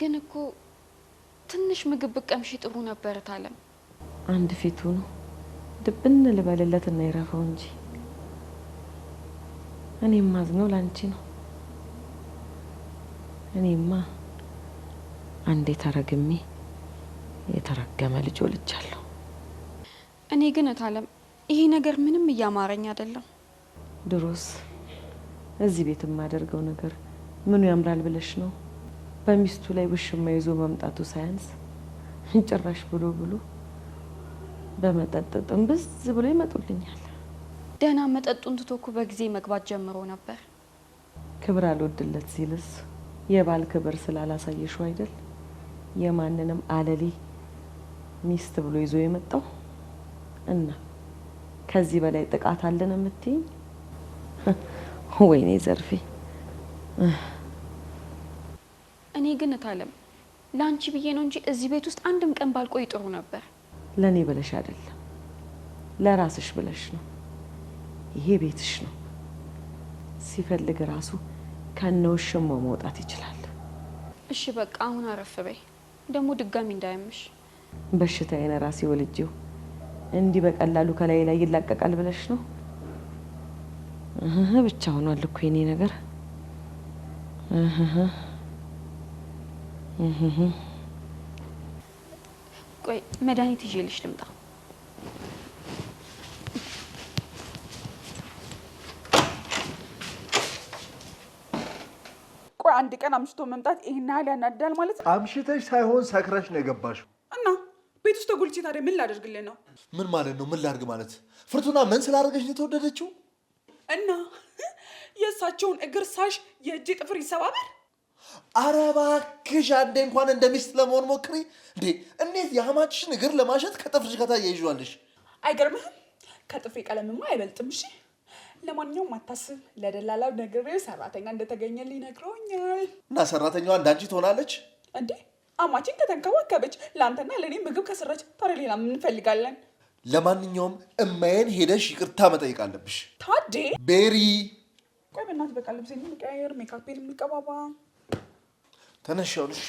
ግን እኮ ትንሽ ምግብ ብቀምሽ ጥሩ ነበር ታለም አንድ ፊቱ ነው። ድብን ልበልለት እና ይረፈው እንጂ እኔ ማዝነው ላንቺ ነው። እኔማ አንዴ ተረግሜ የተረገመ ልጅ ወልጃለሁ። እኔ ግን እታለም ይሄ ነገር ምንም እያማረኝ አይደለም። ድሮስ እዚህ ቤት የማደርገው ነገር ምኑ ያምራል ብለሽ ነው? በሚስቱ ላይ ውሽማ ይዞ መምጣቱ ሳያንስ ጭራሽ ብሎ ብሎ በመጠጥ ጥንብዝ ብሎ ይመጡልኛል። ደህና መጠጡን ትቶ እኮ በጊዜ መግባት ጀምሮ ነበር። ክብር አልወድለት ሲልስ የባል ክብር ስላላሳየሽው አይደል የማንንም አለሌ ሚስት ብሎ ይዞ የመጣው እና ከዚህ በላይ ጥቃት አለን የምትይኝ? ወይኔ ዘርፌ። እኔ ግን እታለም ለአንቺ ብዬ ነው እንጂ እዚህ ቤት ውስጥ አንድም ቀን ባልቆይ ጥሩ ነበር። ለእኔ ብለሽ አይደለም፣ ለራስሽ ብለሽ ነው። ይሄ ቤትሽ ነው። ሲፈልግ ራሱ ከነውሽሞ መውጣት ይችላል። እሺ በቃ አሁን አረፍ በይ። ደግሞ ድጋሚ እንዳያምሽ። በሽታዬን ራሴ ወልጄው እንዲህ በቀላሉ ከላይ ላይ ይላቀቃል ብለሽ ነው? ብቻ ሆኗል እኮ የኔ ነገር። መድኃኒት ይዤልሽ ልምጣ። ቆይ አንድ ቀን አምሽቶ መምጣት ይሄን ያህል ያናድዳል ማለት አምሽተሽ ሳይሆን ሰክረሽ ነው የገባሽው። እና ቤት ውስጥ ተጎልቼ ታዲያ ምን ላደርግልህ ነው? ምን ማለት ነው? ምን ላድርግ ማለት ፍርቱና ምን ስላደረገች ነው የተወደደችው? እና የእሳቸውን እግር ሳሽ የእጅ ጥፍር ይሰባበር ኧረ እባክሽ አንዴ እንኳን እንደ ሚስት ለመሆን ሞክሪ እንዴ! እንዴት የአማችሽን እግር ለማሸት ከጥፍርሽ ጋር ታያይዣለሽ? አይገርምህም? ከጥፍሬ ቀለምማ አይበልጥም። እሺ፣ ለማንኛውም አታስብ፣ ለደላላው ነግሬው ሰራተኛ እንደተገኘልኝ ነግረውኛል። እና ሰራተኛዋ እንዳንቺ ትሆናለች እንዴ? አማችን ከተንከባከበች ለአንተና ለእኔ ምግብ ከሰራች፣ ታዲያ ሌላ ምን እንፈልጋለን? ለማንኛውም እማዬን ሄደሽ ይቅርታ መጠየቅ አለብሽ። ታዴ ቤሪ፣ ቆይ በእናትህ በቃ ልብሴን የሚቀያየር ሜካፔን የሚቀባባ ተነሽ ይኸውልሽ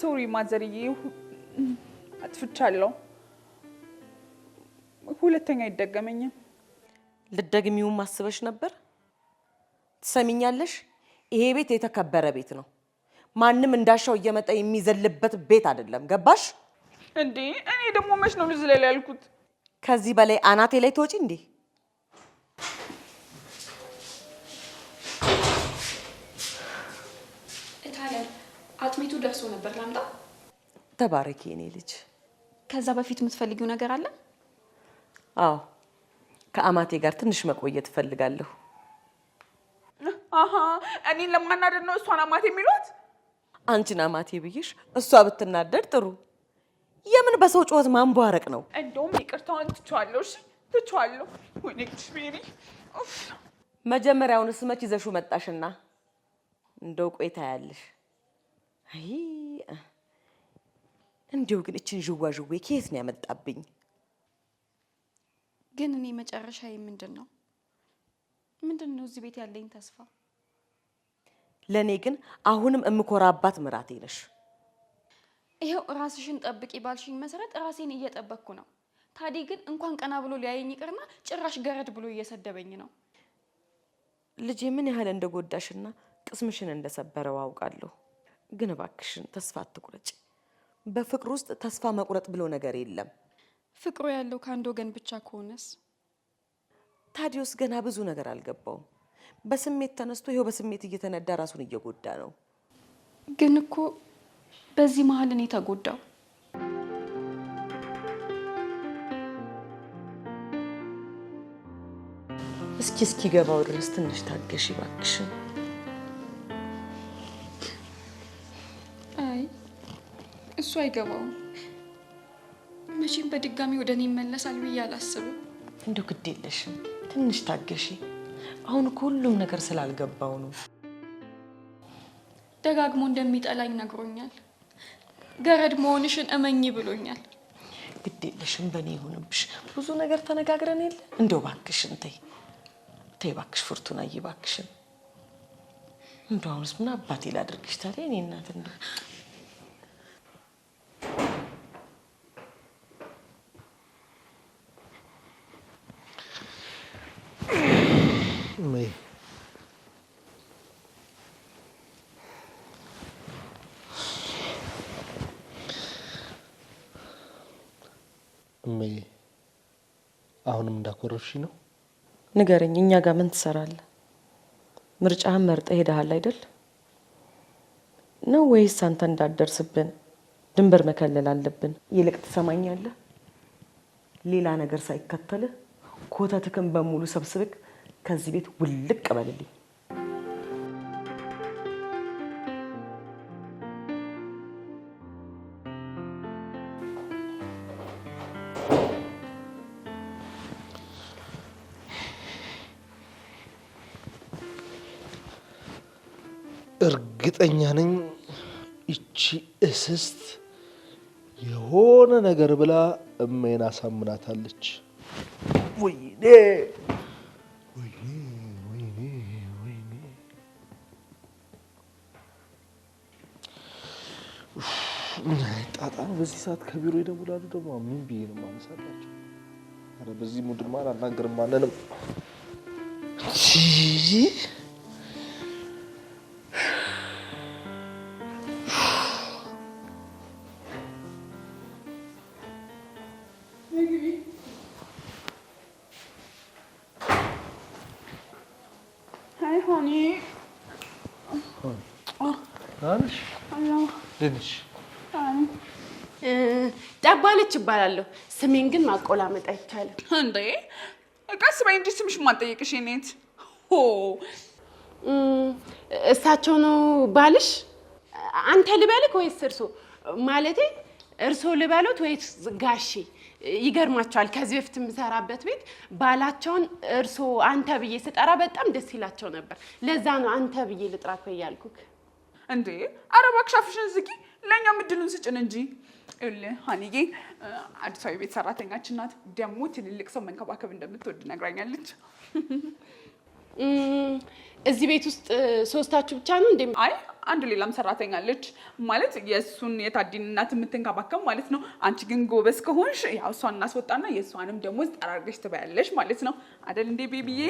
ሶሪ ማዘርዬ፣ አጥፍቻለሁ። ሁለተኛ አይደገመኝም። ልደግሚውም አስበሽ ነበር? ትሰሚኛለሽ? ይሄ ቤት የተከበረ ቤት ነው። ማንም እንዳሻው እየመጣ የሚዘልበት ቤት አይደለም። ገባሽ እንዴ? እኔ ደግሞ መች ነው ልዝ ላይ ያልኩት? ከዚህ በላይ አናቴ ላይ ትወጪ እንዴ? አጥሚቱ ደርሶ ነበር፣ ላምጣ? ተባረኪ የኔ ልጅ። ከዛ በፊት የምትፈልጊው ነገር አለ? አዎ ከአማቴ ጋር ትንሽ መቆየት እፈልጋለሁ። እኔን ለማናደድ ነው እሷን አማቴ የሚሏት? አንቺን አማቴ ብዬሽ እሷ ብትናደድ ጥሩ። የምን በሰው ጩኸት ማንቧረቅ ነው? እንደውም ይቅርታዋን ትቼዋለሁ። እሺ ትቼዋለሁ። ሜሪ መጀመሪያውንስ መች ይዘሹ መጣሽና? እንደው ቆይታ ያለሽ እንዲሁ ግን እችን ዥዌ ከየት ነው ያመጣብኝ? ግን እኔ መጨረሻዬ ምንድን ነው? ምንድን ነው እዚህ ቤት ያለኝ ተስፋ? ለእኔ ግን አሁንም እምኮራባት ምራቴ ነሽ። ይኸው ራስሽን ጠብቂ ባልሽኝ መሰረት ራሴን እየጠበቅኩ ነው። ታዲ ግን እንኳን ቀና ብሎ ሊያየኝ ይቅርና ጭራሽ ገረድ ብሎ እየሰደበኝ ነው። ልጄ ምን ያህል እንደጎዳሽና ቅስምሽን እንደሰበረው አውቃለሁ። ግን እባክሽን ተስፋ አትቁረጭ። በፍቅር ውስጥ ተስፋ መቁረጥ ብሎ ነገር የለም። ፍቅሩ ያለው ከአንድ ወገን ብቻ ከሆነስ? ታዲዮስ ገና ብዙ ነገር አልገባውም። በስሜት ተነስቶ ይኸው በስሜት እየተነዳ ራሱን እየጎዳ ነው። ግን እኮ በዚህ መሀል እኔ ተጎዳው። እስኪ እስኪገባው ድረስ ትንሽ ታገሽ እባክሽን። አይ እሱ አይገባውም። መቼም በድጋሚ ወደ እኔ ይመለሳል ብዬ አላስብም። እንደው ግድ የለሽም ትንሽ ታገሺ። አሁን እኮ ሁሉም ነገር ስላልገባው ነው። ደጋግሞ እንደሚጠላኝ ነግሮኛል። ገረድ መሆንሽን እመኝ ብሎኛል። ግድ የለሽም በእኔ ይሁንብሽ። ብዙ ነገር ተነጋግረን የለ እንደው እባክሽን ተይ ተይ እባክሽ ፍርቱናዬ፣ እባክሽን እንደው አሁንስ ምን አባቴ ላድርግሽ ታዲያ እኔ እናት Amém. አሁንም እንዳኮረፍሽ ነው? ንገረኝ፣ እኛ ጋር ምን ትሰራለህ? ምርጫህን መርጠ ሄደሃል አይደል? ነው ወይስ አንተ እንዳደርስብን ድንበር መከለል አለብን? ይልቅ ትሰማኛለህ፣ ሌላ ነገር ሳይከተልህ ኮተትክን በሙሉ ሰብስብክ ከዚህ ቤት ውልቅ በልልኝ። እርግጠኛ ነኝ ይቺ እስስት የሆነ ነገር ብላ እሜን አሳምናታለች። ወይኔ ነው! በዚህ ሰዓት ከቢሮ ይደውላሉ። ደግሞ ምን ብዬ ነው የማነሳላቸው? ኧረ በዚህ ሙድማ አናገርም ማንንም ልጅ ዳባነች ይባላለሁ። ስሜን ግን ማቆላመጥ አይቻልም። እንዴ ቀስ በይ እንጂ ስምሽ ማጠየቅሽ ኔት እሳቸው ነው ባልሽ? አንተ ልበልክ ወይስ እርሶ? ማለቴ እርሶ ልበሉት ወይስ ጋሼ? ይገርማቸዋል። ከዚህ በፊት የምሰራበት ቤት ባላቸውን እርሶ አንተ ብዬ ስጠራ በጣም ደስ ይላቸው ነበር። ለዛ ነው አንተ ብዬ ልጥራኮ እያልኩክ እንዴ ኧረ እባክሽ አፍሽን ዝጊ። ለእኛ ምድሉን ስጭን እንጂ ሀኒዬ አዲስ አበባ ቤት ሰራተኛችን ናት። ደግሞ ትልልቅ ሰው መንከባከብ እንደምትወድ ነግራኛለች። እዚህ ቤት ውስጥ ሶስታችሁ ብቻ ነው እንዴ? አይ አንድ ሌላም ሰራተኛ አለች ማለት የእሱን የታዲን እናት የምትንከባከብ ማለት ነው። አንቺ ግን ጎበዝ ከሆንሽ ያው እሷን እናስወጣና የእሷንም ደሞዝ ጠራርገሽ ትበያለሽ ማለት ነው። አደል እንዴ ቤቢዬ?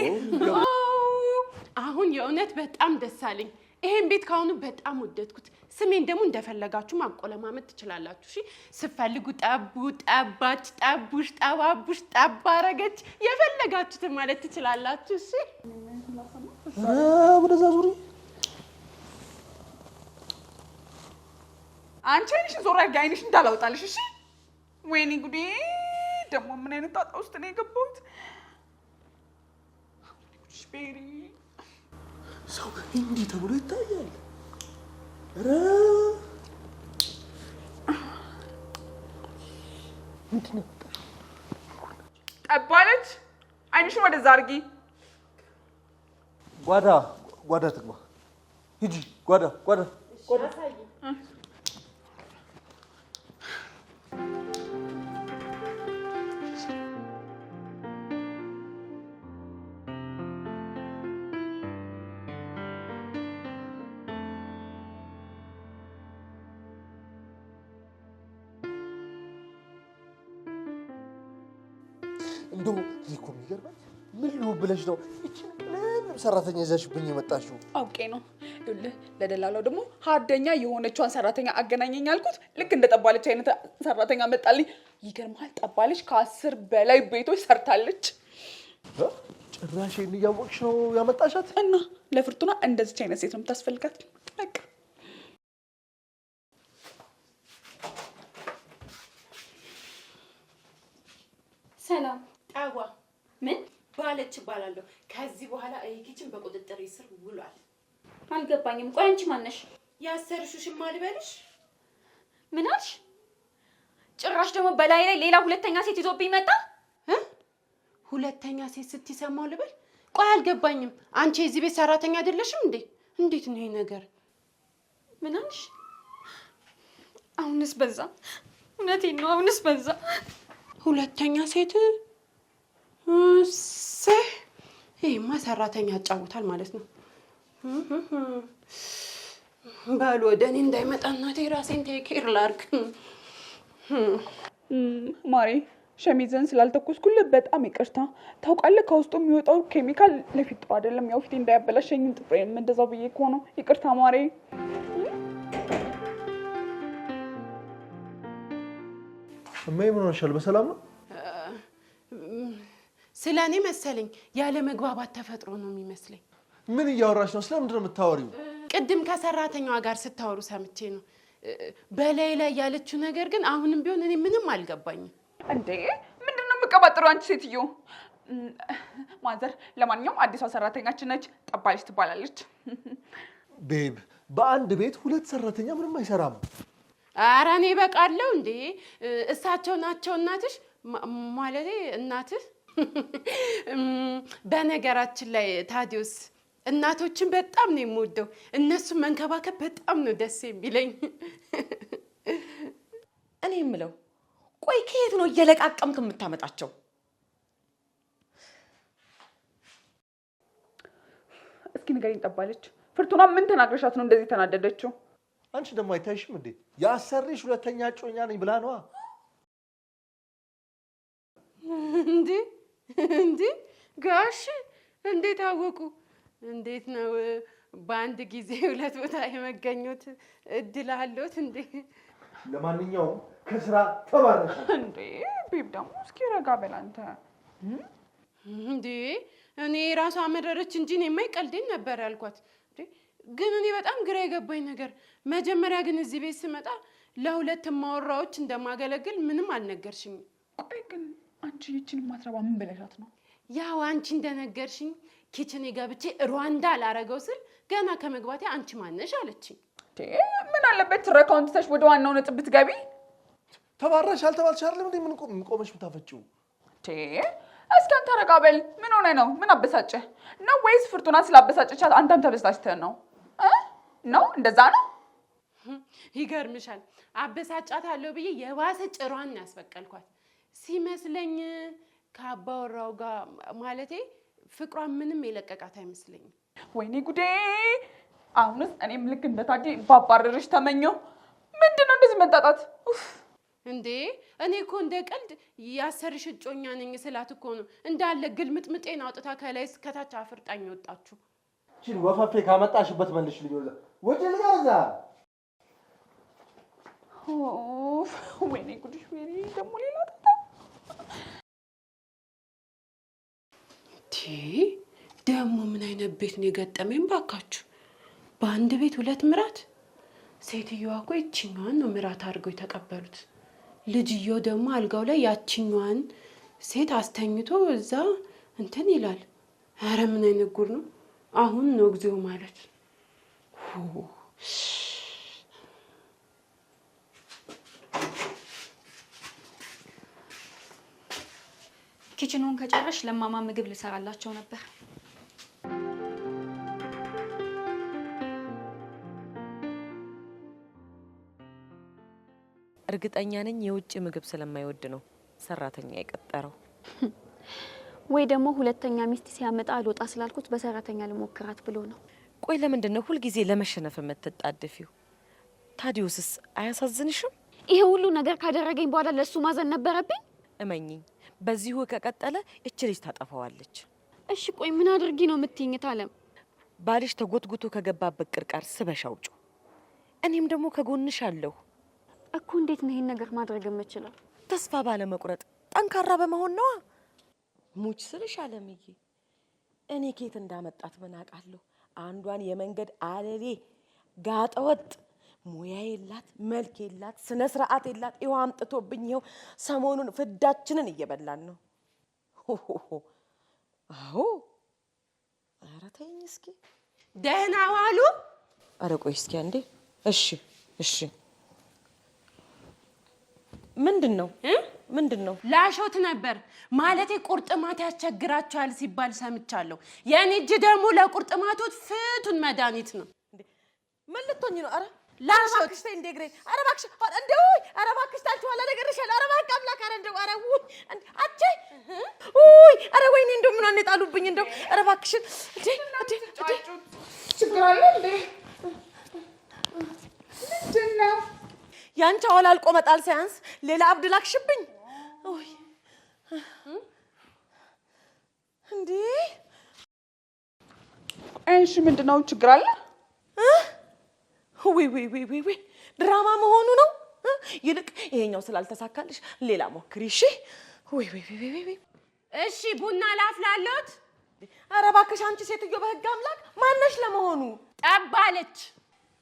አሁን የእውነት በጣም ደስ አለኝ። ይሄን ቤት ከአሁኑ በጣም ወደድኩት። ስሜን ደግሞ እንደፈለጋችሁ ማቆለማመጥ ትችላላችሁ። እሺ ስፈልጉ ጠቡ፣ ጠባች፣ ጠቡሽ፣ ጠባቡሽ፣ ጠባረገች የፈለጋችሁትን ማለት ትችላላችሁ። እሺ ወደዛ ዙሪ። አንቺ አይንሽን ዞር አድርጊ፣ አይንሽ እንዳላውጣልሽ። እሺ ወይኔ ጉዴ! ደግሞ ምን አይነት ጣጣ ውስጥ ነው የገባሁት? ሰው እንዲህ ተብሎ ይታያል። ኧረ ጠባለች። አይንሽን ወደዛ አድርጊ። ጓዳ ጓዳ ትግባ። ሂጂ ጓዳ ጓዳ ጓዳ ብለሽ ነው ለምንም ሰራተኛ ይዛሽብኝ የመጣሽው? አውቄ ነው። ይኸውልህ ለደላላው ደግሞ ሀደኛ የሆነችዋን ሰራተኛ አገናኘኝ ያልኩት ልክ እንደ ጠባለች አይነት ሰራተኛ መጣልኝ። ይገርማል። ጠባለች ከአስር በላይ ቤቶች ሰርታለች። ጭራሽ እያወቅሽ ነው ያመጣሻት? እና ለፍርቱና እንደዚች አይነት ሴት ነው የምታስፈልጋት። በቃ ሰላም ጣዋ ምን ባለች እባላለሁ። ከዚህ በኋላ ይሄ ኪችን በቁጥጥር ስር ውሏል። አልገባኝም። ቆይ አንቺ ማነሽ? ያሰርሹሽማ ልበልሽ? ምን አልሽ? ጭራሽ ደግሞ በላይ ላይ ሌላ ሁለተኛ ሴት ይዞብኝ መጣ። ሁለተኛ ሴት ስትሰማው ልበል? ቆይ አልገባኝም። አንቺ የዚህ ቤት ሰራተኛ አይደለሽም እንዴ? እንዴት ነው ይሄ ነገር? ምን አልሽ? አሁንስ በዛ። እውነቴን ነው። አሁንስ በዛ። ሁለተኛ ሴት እሰይ ይሄማ ሰራተኛ ያጫውታል ማለት ነው። ባል ወደ እኔ እንዳይመጣ እናቴ ራሴን ቴኬር ላርግ። ማሬ ሸሚዝን ስላልተኮስኩልህ በጣም ይቅርታ። ታውቃለህ ከውስጡ የሚወጣው ኬሚካል ለፊት ጥሩ አይደለም። ያው ፊቴ እንደዛው ብዬ ይቅርታ ማሬ። እማዬ ምን ሆነሻል? በሰላም ነው ስለ እኔ መሰለኝ ያለ መግባባት ተፈጥሮ ነው የሚመስለኝ። ምን እያወራች ነው? ስለምንድን ነው የምታወሪው? ቅድም ከሰራተኛዋ ጋር ስታወሩ ሰምቼ ነው። በላይ ላይ ያለችው ነገር ግን አሁንም ቢሆን እኔ ምንም አልገባኝም። እንዴ ምንድን ነው የምቀባጥሩ? አንቺ ሴትዮ ማዘር። ለማንኛውም አዲሷ ሰራተኛችን ነች፣ ጠባለች ትባላለች። ቤብ፣ በአንድ ቤት ሁለት ሰራተኛ ምንም አይሰራም። አረ እኔ በቃለሁ እንዴ። እሳቸው ናቸው እናትሽ፣ ማለቴ እናትህ በነገራችን ላይ ታዲዮስ እናቶችን በጣም ነው የምወደው። እነሱን መንከባከብ በጣም ነው ደስ የሚለኝ። እኔ የምለው ቆይ ከየት ነው እየለቃቀምክ የምታመጣቸው? እስኪ ንገሪኝ። ጠባለች ፍርቱና ምን ተናግረሻት ነው እንደዚህ ተናደደችው? አንቺ ደግሞ አይታይሽም እንዴ? የአሰሪሽ ሁለተኛ እጮኛ ነኝ ብላ ነዋ እንዴ እንዲ ጋሽ እንዴት አወቁ? እንዴት ነው በአንድ ጊዜ ሁለት ቦታ የመገኙት እድል አለዎት እንዴ? ለማንኛውም ከስራ ተባረሽ። እንዴ ቤብ ደግሞ እስኪ ረጋ በል አንተ። እንዴ እኔ ራሷ መረረች እንጂ እኔማ ይቀልደኝ ነበር ያልኳት። ግን እኔ በጣም ግራ የገባኝ ነገር መጀመሪያ ግን እዚህ ቤት ስመጣ ለሁለት ማወራዎች እንደማገለግል ምንም አልነገርሽኝ። ቆይ ግን አንቺ ይችን ማትረባ ምን ብለሻት ነው? ያው አንቺ እንደነገርሽኝ ኪችን ገብቼ ሩዋንዳ ላረገው ስል ገና ከመግባቴ አንቺ ማነሽ አለችኝ። ምን አለበት ረካውን ትተሽ ወደ ዋናው ነጥብ ብትገቢ። ተባራሽ አልተባልሽ አይደለም እንዴ? ምን ቆም ቆመሽ ምታፈጪው? እስኪ አንተ ረጋ በል። ምን ሆነ ነው? ምን አበሳጨ ነው? ወይስ ፍርቱና ስላበሳጨቻት አንተም ተበሳጭተህ ነው ነው? እንደዛ ነው። ይገርምሻል። አበሳጫታለሁ ብዬ የባሰ ጭሯን ያስበቀልኳት ሲመስለኝ ከአባወራው ጋር ማለቴ ፍቅሯን ምንም የለቀቃት አይመስለኝም። ወይኔ ጉዴ! አሁንስ እኔም ልክ እንደታዴ ባባረርሽ ተመኘው። ምንድን ነው እንደዚህ መጣጣት እንዴ? እኔ እኮ እንደ ቀልድ ያሰርሽ እጮኛ ነኝ ስላት እኮ ነው እንዳለ ግልምጥምጤን አውጥታ ከላይ እስከታች አፍርጣኝ ወጣችሁ። ችን ወፈፌ ካመጣሽበት መልሽ ልኝ ወጭ ልጋዛ ወይኔ ጉድሽ! ወይኔ ደግሞ ደግሞ ምን አይነት ቤት ነው የገጠመኝ? ባካችሁ በአንድ ቤት ሁለት ምራት። ሴትዮዋ እኮ ይችኛዋን ነው ምራት አድርገው የተቀበሉት። ልጅየው ደግሞ አልጋው ላይ ያችኛዋን ሴት አስተኝቶ እዛ እንትን ይላል። ኧረ ምን አይነት ጉር ነው! አሁን ነው እግዚኦ ማለት ኪችኑን ከጨረሽ ለማማ ምግብ ልሰራላቸው ነበር። እርግጠኛ ነኝ የውጭ ምግብ ስለማይወድ ነው ሰራተኛ የቀጠረው። ወይ ደግሞ ሁለተኛ ሚስት ሲያመጣ አልወጣ ስላልኩት በሰራተኛ ልሞክራት ብሎ ነው። ቆይ ለምንድን ነው ሁልጊዜ ለመሸነፍ የምትጣድፊው? ታዲዮስስ አያሳዝንሽም? ይሄ ሁሉ ነገር ካደረገኝ በኋላ ለእሱ ማዘን ነበረብኝ? እመኝኝ በዚሁ ከቀጠለ እች ልጅ ታጠፋዋለች። እሺ ቆይ ምን አድርጊ ነው የምትይኝ? ታለም ባልሽ ተጎትጉቶ ከገባበት ቅርቃር ስበሽ አውጪው። እኔም ደግሞ ከጎንሽ አለሁ እኮ። እንዴት ነው ይህን ነገር ማድረግ የምችለው? ተስፋ ባለመቁረጥ ጠንካራ በመሆን ነዋ። ሙች ስልሽ አለምዬ፣ እኔ ኬት እንዳመጣት ምን አውቃለሁ። አንዷን የመንገድ አለሌ ጋጠወጥ ሙያ የላት፣ መልክ የላት፣ ስነ ስርዓት የላት። ይኸው አምጥቶብኝ ይኸው ሰሞኑን ፍዳችንን እየበላን ነው። አዎ ኧረ ተይኝ እስኪ። ደህና ዋሉ። ኧረ ቆይ እስኪ አንዴ። እሺ እሺ። ምንድን ነው ምንድን ነው? ላሾት ነበር ማለቴ ቁርጥማት ያስቸግራቸዋል ሲባል ሰምቻለሁ። የኔ እጅ ደግሞ ለቁርጥማቶት ፍቱን መድኃኒት ነው። ምን ልትሆኝ ነው? አረ ላሾት እንደግሬ ኧረ እባክሽ እንደው ኧረ እባክሽ ታልችኋላ ነገር ይሻል ኧረ እባክህ አምላክ ኧረ እንደው ኧረ ውይ አቼ ውይ ኧረ ወይኔ እንደው ምኗን የጣሉብኝ እንደው ኧረ እባክሽን እንዴ እንዴ እንዴ ችግር አለ እንዴ ምንድን ነው ያንቺ አዋላ አልቆ መጣል ሳያንስ ሌላ አብድ ላክሽብኝ ውይ እንዴ እሺ ምንድን ነው ችግር አለ ውይ ድራማ መሆኑ ነው። ይልቅ ይሄኛው ስላልተሳካልሽ ሌላ ሞክሪ። እሺ ወይ ወይ ወይ እሺ፣ ቡና ላፍላለሁት። ኧረ እባክሽ አንቺ ሴትዮ በህግ አምላክ ማነሽ ለመሆኑ? ጠባለች።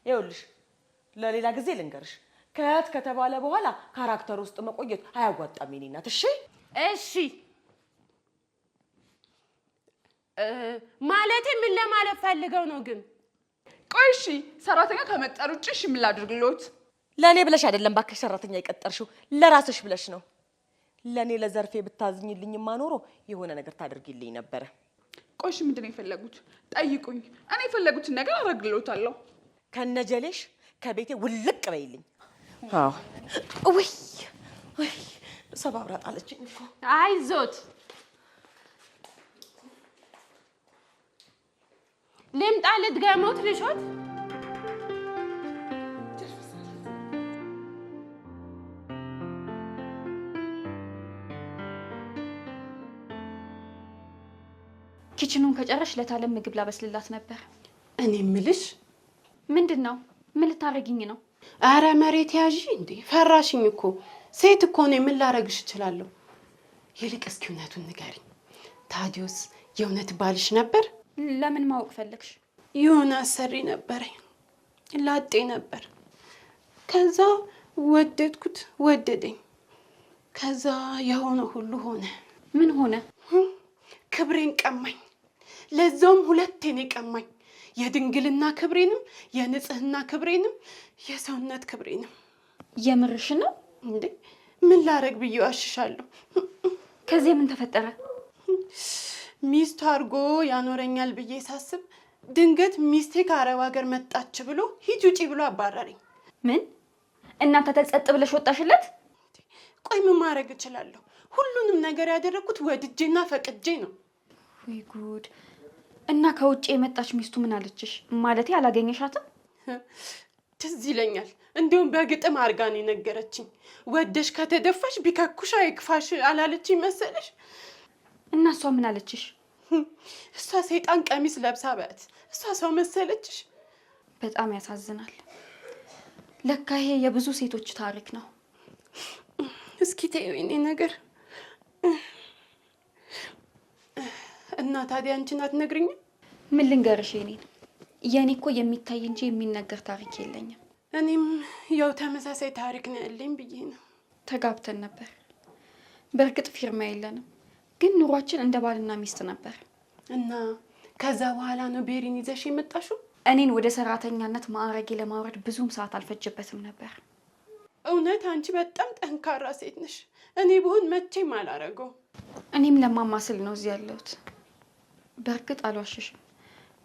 ይኸውልሽ ለሌላ ጊዜ ልንገርሽ። ከት ከተባለ በኋላ ካራክተር ውስጥ መቆየት አያዋጣም የኔ እናት። እሺ እሺ። ማለቴ ምን ለማለት ፈልገው ነው ግን ቆይ እሺ፣ ሰራተኛ ከመጠር ውጭ እሺ ምን ላድርግሎት? ለእኔ ብለሽ አይደለም ባክሽ ሰራተኛ የቀጠርሽው፣ ለራስሽ ብለሽ ነው። ለእኔ ለዘርፌ ብታዝኝልኝማ ኖሮ የሆነ ነገር ታደርጊልኝ ነበረ። ቆይ እሺ፣ ምንድን ነው የፈለጉት? ጠይቁኝ፣ እኔ የፈለጉትን ነገር አደርግልዎታለሁ። ከነጀሌሽ ከቤቴ ውልቅ በይልኝ። ውይ ውይ፣ ሰባብራ ጣለችኝ እኮ አይዞት ልምጣ ልድገመው ትልሾት ኪችኑን ከጨረሽ ለታለም ምግብ ላበስልላት ነበር። እኔ ምልሽ ምንድን ነው? ምን ልታረግኝ ነው? አረ መሬት ያዥ እንዴ! ፈራሽኝ እኮ ሴት እኮ ነው። ምን ላረግሽ እችላለሁ? ይልቅ እስኪ እውነቱን ንገሪኝ። ታዲዮስ የእውነት ባልሽ ነበር? ለምን ማወቅ ፈለግሽ? የሆነ አሰሪ ነበረኝ፣ ላጤ ነበር። ከዛ ወደድኩት፣ ወደደኝ። ከዛ የሆነ ሁሉ ሆነ። ምን ሆነ? ክብሬን ቀማኝ። ለዛውም ሁለቴን ቀማኝ። የድንግልና ክብሬንም፣ የንጽህና ክብሬንም፣ የሰውነት ክብሬንም። የምርሽ ነው እንዴ? ምን ላረግ ብዬ አሽሻለሁ። ከዚህ ምን ተፈጠረ? ሚስቱ አድርጎ ያኖረኛል ብዬ ሳስብ ድንገት ሚስቴ ከአረብ ሀገር መጣች ብሎ ሂጅ ውጪ ብሎ አባረረኝ። ምን እናንተ ተጸጥ ብለሽ ወጣሽለት? ቆይ ምን ማድረግ እችላለሁ? ሁሉንም ነገር ያደረግኩት ወድጄና ፈቅጄ ነው። ወይ ጉድ! እና ከውጭ የመጣች ሚስቱ ምን አለችሽ? ማለቴ አላገኘሻትም? ትዝ ይለኛል። እንዲሁም በግጥም አርጋ ነው የነገረችኝ። ወደሽ ከተደፋሽ ቢከኩሽ አይክፋሽ አላለችኝ መሰለሽ? እና እሷ ምን አለችሽ? እሷ ሰይጣን ቀሚስ ለብሳ በት እሷ ሰው መሰለችሽ። በጣም ያሳዝናል። ለካ ይሄ የብዙ ሴቶች ታሪክ ነው። እስኪ ተይው የእኔ ነገር። እና ታዲያ አንቺን አትነግሪኝም? ምን ልንገርሽ? የኔን የእኔ እኮ የሚታይ እንጂ የሚነገር ታሪክ የለኝም። እኔም ያው ተመሳሳይ ታሪክ ነው ያለኝ ብዬ ነው። ተጋብተን ነበር። በእርግጥ ፊርማ የለንም ግን ኑሯችን እንደ ባልና ሚስት ነበር እና ከዛ በኋላ ነው ቤሪን ይዘሽ የመጣሽው። እኔን ወደ ሰራተኛነት ማዕረጌ ለማውረድ ብዙም ሰዓት አልፈጀበትም ነበር። እውነት አንቺ በጣም ጠንካራ ሴት ነሽ። እኔ ብሆን መቼም አላረገው። እኔም ለማማስል ነው እዚህ ያለሁት። በእርግጥ አልዋሸሽም፣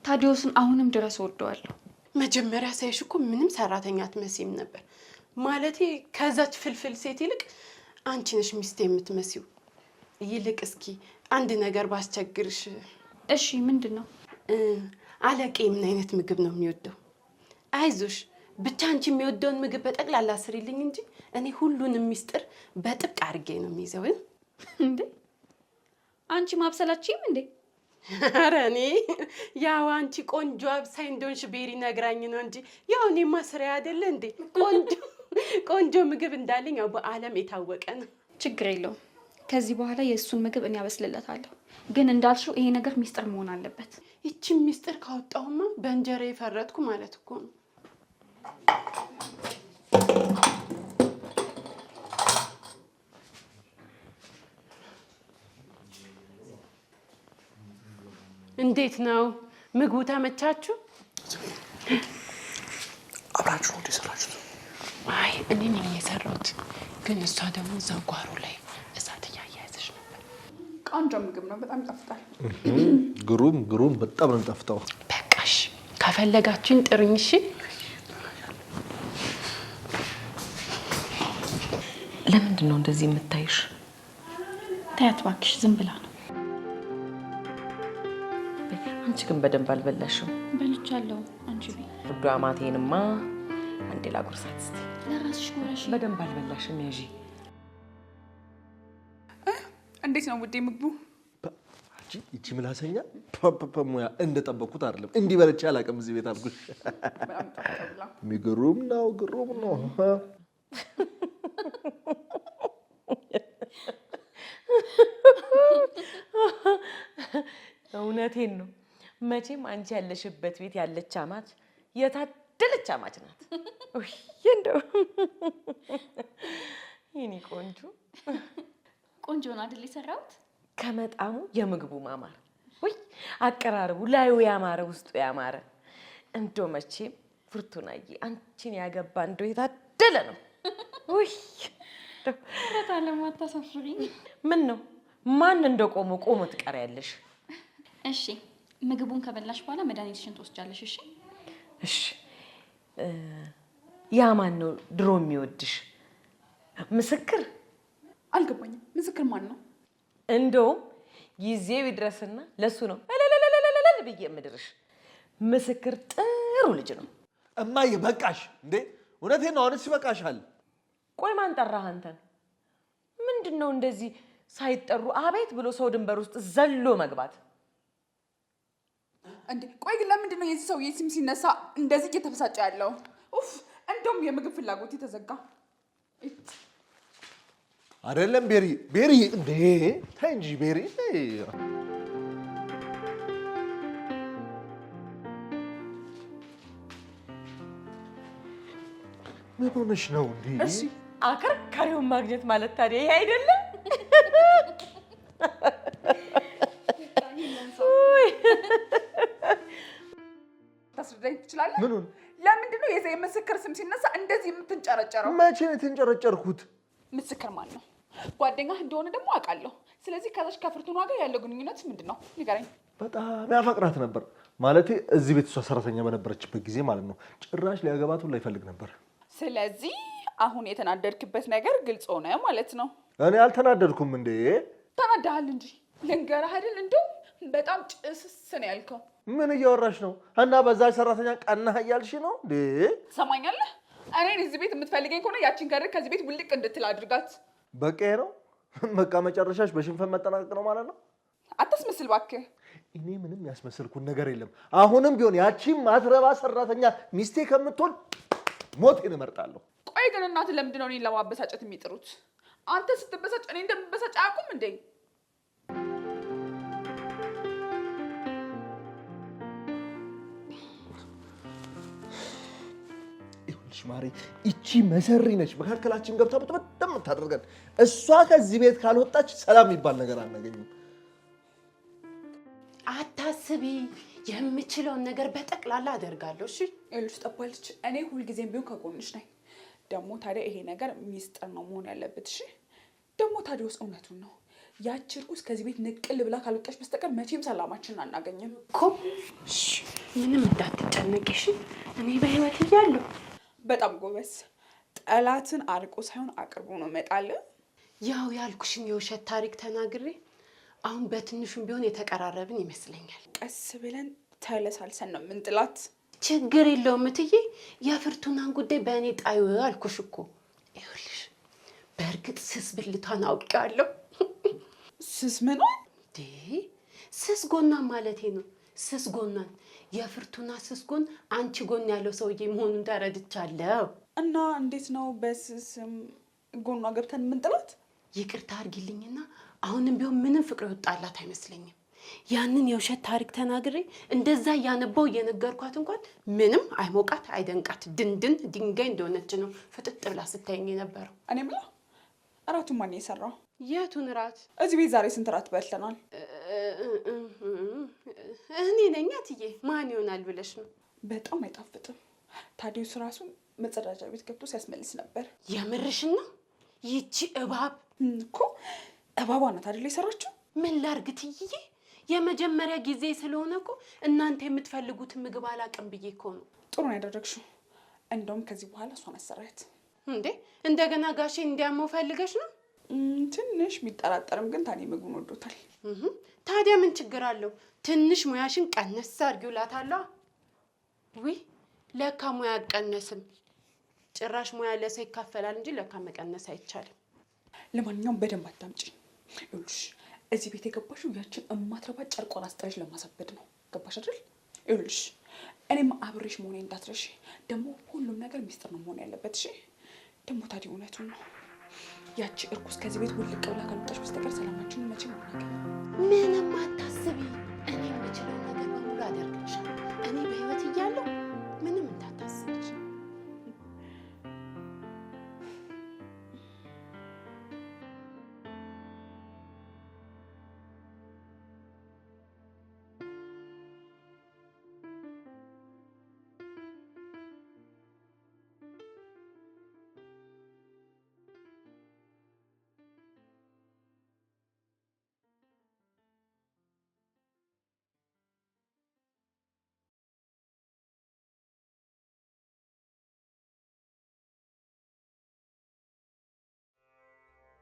ታዲዮስን አሁንም ድረስ ወደዋለሁ። መጀመሪያ ሳይሽ እኮ ምንም ሰራተኛ አትመሲም ነበር። ማለቴ ከዛች ፍልፍል ሴት ይልቅ አንቺ ነሽ ሚስት የምትመሲው። ይልቅ እስኪ አንድ ነገር ባስቸግርሽ። እሺ፣ ምንድን ነው? አለቄ ምን አይነት ምግብ ነው የሚወደው? አይዞሽ ብቻ አንቺ የሚወደውን ምግብ በጠቅላላ ስሪልኝ እንጂ እኔ ሁሉንም ሚስጥር በጥብቅ አድርጌ ነው የሚይዘው። እንዴ አንቺ ማብሰላችም እንዴ? ኧረ እኔ ያው አንቺ ቆንጆ አብሳይ እንደሆንሽ ቤሪ ነግራኝ ነው እንጂ ያው እኔ ማስሪያ አይደለ እንዴ? ቆንጆ ቆንጆ ምግብ እንዳለኝ ያው በዓለም የታወቀ ነው። ችግር የለውም። ከዚህ በኋላ የእሱን ምግብ እኔ አበስልለታለሁ። ግን እንዳልሽው ይሄ ነገር ሚስጥር መሆን አለበት። ይቺም ሚስጥር ካወጣሁማ በእንጀራ የፈረጥኩ ማለት እኮ ነው። እንዴት ነው ምግቡ ተመቻችሁ? አብራችሁ ወደ ሰራችሁ? አይ እኔ ነኝ የሰራሁት፣ ግን እሷ ደግሞ ዘጓሩ ላይ ቆንጆ ምግብ ነው። በጣም ይጣፍጣል። ግሩም ግሩም፣ በጣም ነው የሚጣፍጠው። በቃሽ፣ ከፈለጋችሁኝ ጥሩኝ። እሺ፣ ለምንድን ነው እንደዚህ የምታይሽ? ታያት እባክሽ፣ ዝም ብላ ነው። አንቺ ግን በደንብ አልበላሽም። በልቻለሁ። አንቺ ቢ ዱዳማቴንማ፣ አንዴ ላጉርሳት እስኪ። ለራስሽ ጎረሽ በደንብ አልበላሽም ያዢ እንዴት ነው ውዴ ምግቡ? ይቺ ምላሰኛ ሙያ እንደጠበኩት አይደለም። እንዲህ በልቼ አላውቅም እዚህ ቤት አልኩሽ። ሚግሩም ነው ግሩም ነው። እውነቴን ነው። መቼም አንቺ ያለሽበት ቤት ያለች አማች የታደለች አማች ናት። ይህ እንደው ይህኔ ቆንጆ ቆንጆ ነው አይደል የሰራሁት? ከመጣሙ የምግቡ ማማር ወይ አቀራረቡ ላዩ ያማረ ውስጡ ያማረ እንዶ መቼም ፍርቱናዬ አንቺን ያገባ እንዶ የታደለ ነው። ውይ በጣም አታሳፍሪኝ። ምን ነው ማን እንደ ቆሞ ቆሞ ትቀሪያለሽ? እሺ ምግቡን ከበላሽ በኋላ መድኃኒትሽን ትወስጃለሽ። እሺ እሺ። ያ ማን ነው ድሮ የሚወድሽ ምስክር አልገባኝም። ምስክር ማን ነው? እንደውም ጊዜው ይድረስና ለሱ ነው እልልልልልል ብዬ የምድርሽ። ምስክር ጥሩ ልጅ ነው። እማዬ በቃሽ እንዴ! እውነቴን ነው። አሁንስ ይበቃሻል። ቆይ ማን ጠራህ አንተን? ምንድን ነው እንደዚህ ሳይጠሩ አቤት ብሎ ሰው ድንበር ውስጥ ዘሎ መግባት? እንዴ ቆይ ግን ለምንድን ነው የዚህ ሰውዬ ስም ሲነሳ እንደዚህ እየተበሳጨ ያለው? ኡፍ! እንደውም የምግብ ፍላጎት የተዘጋ አይደለም ቤሪ ቤሪ፣ እንዴ ተይ እንጂ ቤሪ። ምን ሆነሽ ነው እንዴ? እሺ አከርካሪውን ማግኘት ማለት ታዲያ ይሄ አይደለም? ታስረዳኝ ትችላለህ? ምኑን? ለምንድን ነው የዛ የምስክር ስም ሲነሳ እንደዚህ የምትንጨረጨረው? መቼ ነው የተንጨረጨርኩት? ምስክር ማለት ነው ጓደኛህ እንደሆነ ደግሞ አውቃለሁ። ስለዚህ ከዛች ከፍርቱና ጋር ያለው ግንኙነት ምንድን ነው ንገረኝ። በጣም ያፈቅራት ነበር ማለት እዚህ ቤት እሷ ሰራተኛ በነበረችበት ጊዜ ማለት ነው። ጭራሽ ሊያገባት ሁላ ይፈልግ ነበር። ስለዚህ አሁን የተናደድክበት ነገር ግልጽ ሆነ ማለት ነው። እኔ አልተናደድኩም እንዴ? ተናዳሃል እንጂ ልንገርህ አይደል በጣም ጭስስ ነው ያልከው። ምን እያወራሽ ነው? እና በዛች ሰራተኛ ቀናህ እያልሽ ነው እንዴ? ትሰማኛለህ? እኔን እዚህ ቤት የምትፈልገኝ ከሆነ ያችን ከድር ከዚህ ቤት ውልቅ እንድትል አድርጋት። በቃ ነው በቃ መጨረሻሽ በሽንፈን መጠናቀቅ ነው ማለት ነው። አታስመስል እባክህ። እኔ ምንም ያስመስልኩን ነገር የለም። አሁንም ቢሆን ያቺ ማትረባ ሰራተኛ ሚስቴ ከምትሆን ሞቴን እመርጣለሁ። ቆይ ግን እናት ለምንድን ነው እኔን ለማበሳጨት የሚጥሩት? አንተ ስትበሳጭ እኔ እንደምበሳጭ አያውቁም እንዴ? ትችላለች። ማሬ እቺ መሰሪ ነች፣ መካከላችን ገብታ በጣም የምታደርገን እሷ። ከዚህ ቤት ካልወጣች ሰላም የሚባል ነገር አናገኝም። አታስቢ፣ የምችለውን ነገር በጠቅላላ አደርጋለሁ። እሺ ይኸውልሽ፣ ጠባለች፣ እኔ ሁልጊዜም ቢሆን ከጎንሽ ነኝ። ደግሞ ታዲያ ይሄ ነገር ሚስጥር ነው መሆን ያለበት። እሺ ደግሞ ታዲያ ውስጥ እውነቱን ነው ያችር እርኩስ ከዚህ ቤት ንቅል ብላ ካልወጣች በስተቀር መቼም ሰላማችንን አናገኝም እኮ። ምንም እንዳትጨነቅሽ፣ እኔ በህይወት እያለሁ በጣም ጎበዝ። ጠላትን አርቆ ሳይሆን አቅርቦ ነው መጣል። ያው ያልኩሽን የውሸት ታሪክ ተናግሬ አሁን በትንሹም ቢሆን የተቀራረብን ይመስለኛል። ቀስ ብለን ተለሳልሰን ነው ምንጥላት። ችግር የለውም እትዬ፣ የፍርቱናን ጉዳይ በእኔ ጣዩ አልኩሽ እኮ። ይኸውልሽ በእርግጥ ስስ ብልቷን አውቄዋለሁ። ስስ ምኗን? ስስ ጎኗን ማለቴ ነው። ስስ ጎኗን የፍርቱና ጎን አንቺ ጎን ያለው ሰውዬ መሆኑን ተረድቻለሁ። እና እንዴት ነው በስስም ጎኗ ገብተን የምንጥላት? ይቅርታ አድርጊልኝና አሁንም ቢሆን ምንም ፍቅር የወጣላት አይመስለኝም። ያንን የውሸት ታሪክ ተናግሬ እንደዛ እያነባው እየነገርኳት እንኳን ምንም አይሞቃት አይደንቃት። ድንድን ድንጋይ እንደሆነች ነው ፍጥጥ ብላ ስታየኝ የነበረው እኔ እራቱን ማን የሰራው? የቱን እራት? እዚህ ቤት ዛሬ ስንት እራት በልተናል? እኔ ነኝ እትዬ። ማን ይሆናል ብለሽ ነው? በጣም አይጣፍጥም። ታዲዮስ ራሱ መጸዳጃ ቤት ገብቶ ሲያስመልስ ነበር። የምርሽን ነው? ይቺ እባብ እኮ እባቧ ናት አይደል የሰራችው? ምን ላርግ የመጀመሪያ ጊዜ ስለሆነ እኮ እናንተ የምትፈልጉትን ምግብ አላቅም ብዬ እኮ ነው። ጥሩ ነው ያደረግሽው። እንደውም ከዚህ በኋላ እሷን አሰራያት። እንዴ እንደገና ጋሼ እንዲያመው ፈልገሽ ነው? ትንሽ ቢጠራጠርም ግን ታኔ ምግቡን ወዶታል። ታዲያ ምን ችግር አለው? ትንሽ ሙያሽን ቀነስ አድርጊው እላታለሁ። ዊ ለካ ሙያ አቀነስም ጭራሽ ሙያ ለሰው ይካፈላል እንጂ ለካ መቀነስ አይቻልም። ለማንኛውም በደንብ አታምጪ። ይኸውልሽ እዚህ ቤት የገባሽው ያችን እማትረባ ጨርቆን አስጠረሽ ለማሳበድ ነው። ገባሽ አይደል? ይኸውልሽ እኔም አብሬሽ መሆኔ እንዳትረሽ። ደግሞ ሁሉም ነገር ሚስጥር ነው መሆን ያለበት። እሺ ደግሞ ታዲያ እውነቱን ነው። ያቺ እርኩስ ከዚህ ቤት ውልቅ ብላ ከመጣች በስተቀር መቼ ነው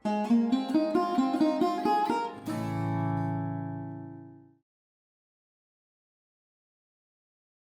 you.